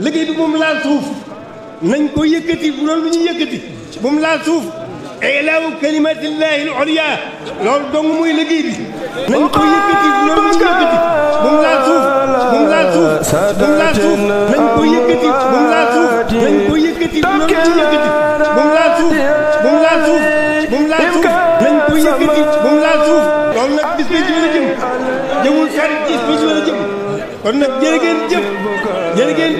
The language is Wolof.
liggéey bi mom mu laal suuf nañ ko yëkkati bu doon lu ñuy yëkkati bu mu laal suuf eelaaw kalimatillahi al-ulya loolu dong muy liggéey bi nañ ko yëkkati bu doon lu ñuy yëkkati bu mu laal suuf bu mu laal suuf bu mu laal suuf nañ ko yëkkati bu mu laal suuf nañ ko yëkkati bu doon lu ñuy yëkkati bu mu laal suuf bu mu laal suuf bu mu laal suuf nañ ko yëkkati bu mu laal suuf loolu nag bis bi ci la jëm jëmul fenn bis bi ci la jëm kon nag jërë jëf jërë